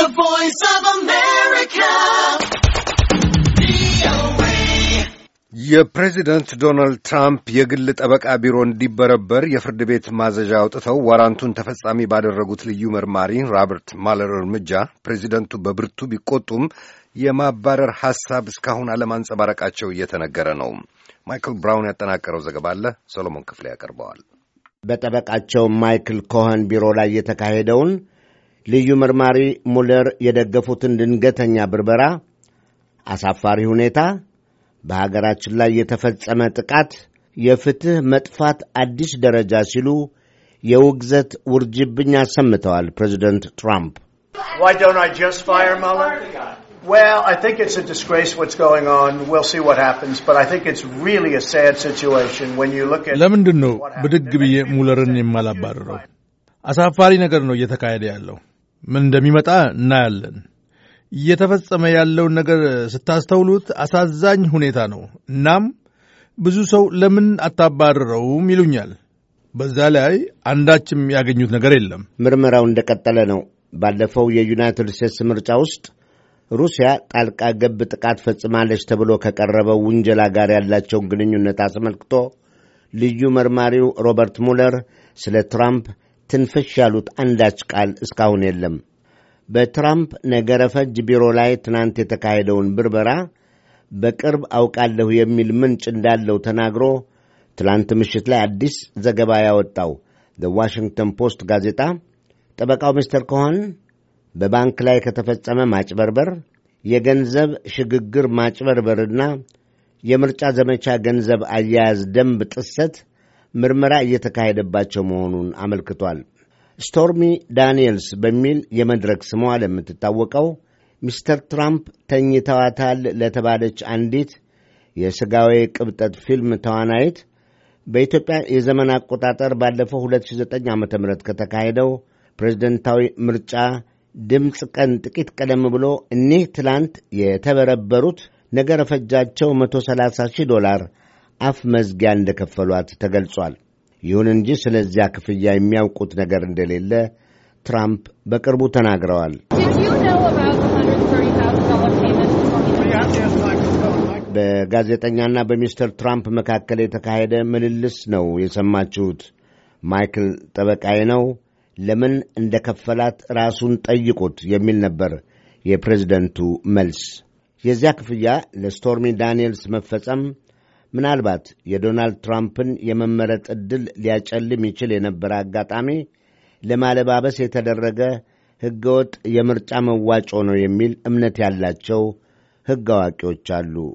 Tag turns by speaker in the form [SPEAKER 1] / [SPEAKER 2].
[SPEAKER 1] The Voice of America.
[SPEAKER 2] የፕሬዚደንት ዶናልድ ትራምፕ የግል ጠበቃ ቢሮ እንዲበረበር የፍርድ ቤት ማዘዣ አውጥተው ዋራንቱን ተፈጻሚ ባደረጉት ልዩ መርማሪ ሮበርት ማለር እርምጃ ፕሬዚደንቱ በብርቱ ቢቆጡም የማባረር ሐሳብ እስካሁን አለማንጸባረቃቸው እየተነገረ ነው። ማይክል ብራውን ያጠናቀረው ዘገባ አለ፣ ሰሎሞን ክፍሌ ያቀርበዋል።
[SPEAKER 3] በጠበቃቸው ማይክል ኮኸን ቢሮ ላይ የተካሄደውን ልዩ መርማሪ ሙለር የደገፉትን ድንገተኛ ብርበራ፣ አሳፋሪ ሁኔታ፣ በሀገራችን ላይ የተፈጸመ ጥቃት፣ የፍትሕ መጥፋት አዲስ ደረጃ ሲሉ የውግዘት ውርጅብኝ አሰምተዋል። ፕሬዚደንት ትራምፕ
[SPEAKER 1] ለምንድን ነው ብድግ ብዬ ሙለርን የማላባረረው? አሳፋሪ ነገር ነው እየተካሄደ ያለው። ምን እንደሚመጣ እናያለን። እየተፈጸመ ያለውን ነገር ስታስተውሉት አሳዛኝ ሁኔታ ነው። እናም ብዙ ሰው ለምን አታባረረውም ይሉኛል። በዛ ላይ አንዳችም ያገኙት ነገር የለም።
[SPEAKER 3] ምርመራው እንደቀጠለ ነው። ባለፈው የዩናይትድ ስቴትስ ምርጫ ውስጥ ሩሲያ ጣልቃ ገብ ጥቃት ፈጽማለች ተብሎ ከቀረበው ውንጀላ ጋር ያላቸውን ግንኙነት አስመልክቶ ልዩ መርማሪው ሮበርት ሙለር ስለ ትራምፕ ትንፍሽ ያሉት አንዳች ቃል እስካሁን የለም። በትራምፕ ነገረ ፈጅ ቢሮ ላይ ትናንት የተካሄደውን ብርበራ በቅርብ አውቃለሁ የሚል ምንጭ እንዳለው ተናግሮ ትላንት ምሽት ላይ አዲስ ዘገባ ያወጣው ዘ ዋሽንግተን ፖስት ጋዜጣ ጠበቃው ሚስተር ኮሆን በባንክ ላይ ከተፈጸመ ማጭበርበር፣ የገንዘብ ሽግግር ማጭበርበርና የምርጫ ዘመቻ ገንዘብ አያያዝ ደንብ ጥሰት ምርመራ እየተካሄደባቸው መሆኑን አመልክቷል። ስቶርሚ ዳንኤልስ በሚል የመድረክ ስሟ ለምትታወቀው ሚስተር ትራምፕ ተኝተዋታል ለተባለች አንዲት የሥጋዊ ቅብጠት ፊልም ተዋናይት በኢትዮጵያ የዘመን አቆጣጠር ባለፈው 2009 ዓ ም ከተካሄደው ፕሬዝደንታዊ ምርጫ ድምፅ ቀን ጥቂት ቀደም ብሎ እኒህ ትላንት የተበረበሩት ነገረ ፈጃቸው 130 ሺህ ዶላር አፍ መዝጊያ እንደከፈሏት ተገልጿል። ይሁን እንጂ ስለዚያ ክፍያ የሚያውቁት ነገር እንደሌለ ትራምፕ በቅርቡ ተናግረዋል። በጋዜጠኛና በሚስተር ትራምፕ መካከል የተካሄደ ምልልስ ነው የሰማችሁት። ማይክል ጠበቃዬ ነው። ለምን እንደ ከፈላት ራሱን ጠይቁት የሚል ነበር የፕሬዝደንቱ መልስ። የዚያ ክፍያ ለስቶርሚ ዳንኤልስ መፈጸም ምናልባት የዶናልድ ትራምፕን የመመረጥ ዕድል ሊያጨልም ይችል የነበረ አጋጣሚ ለማለባበስ የተደረገ ሕገወጥ የምርጫ መዋጮ ነው የሚል እምነት ያላቸው ሕግ አዋቂዎች አሉ።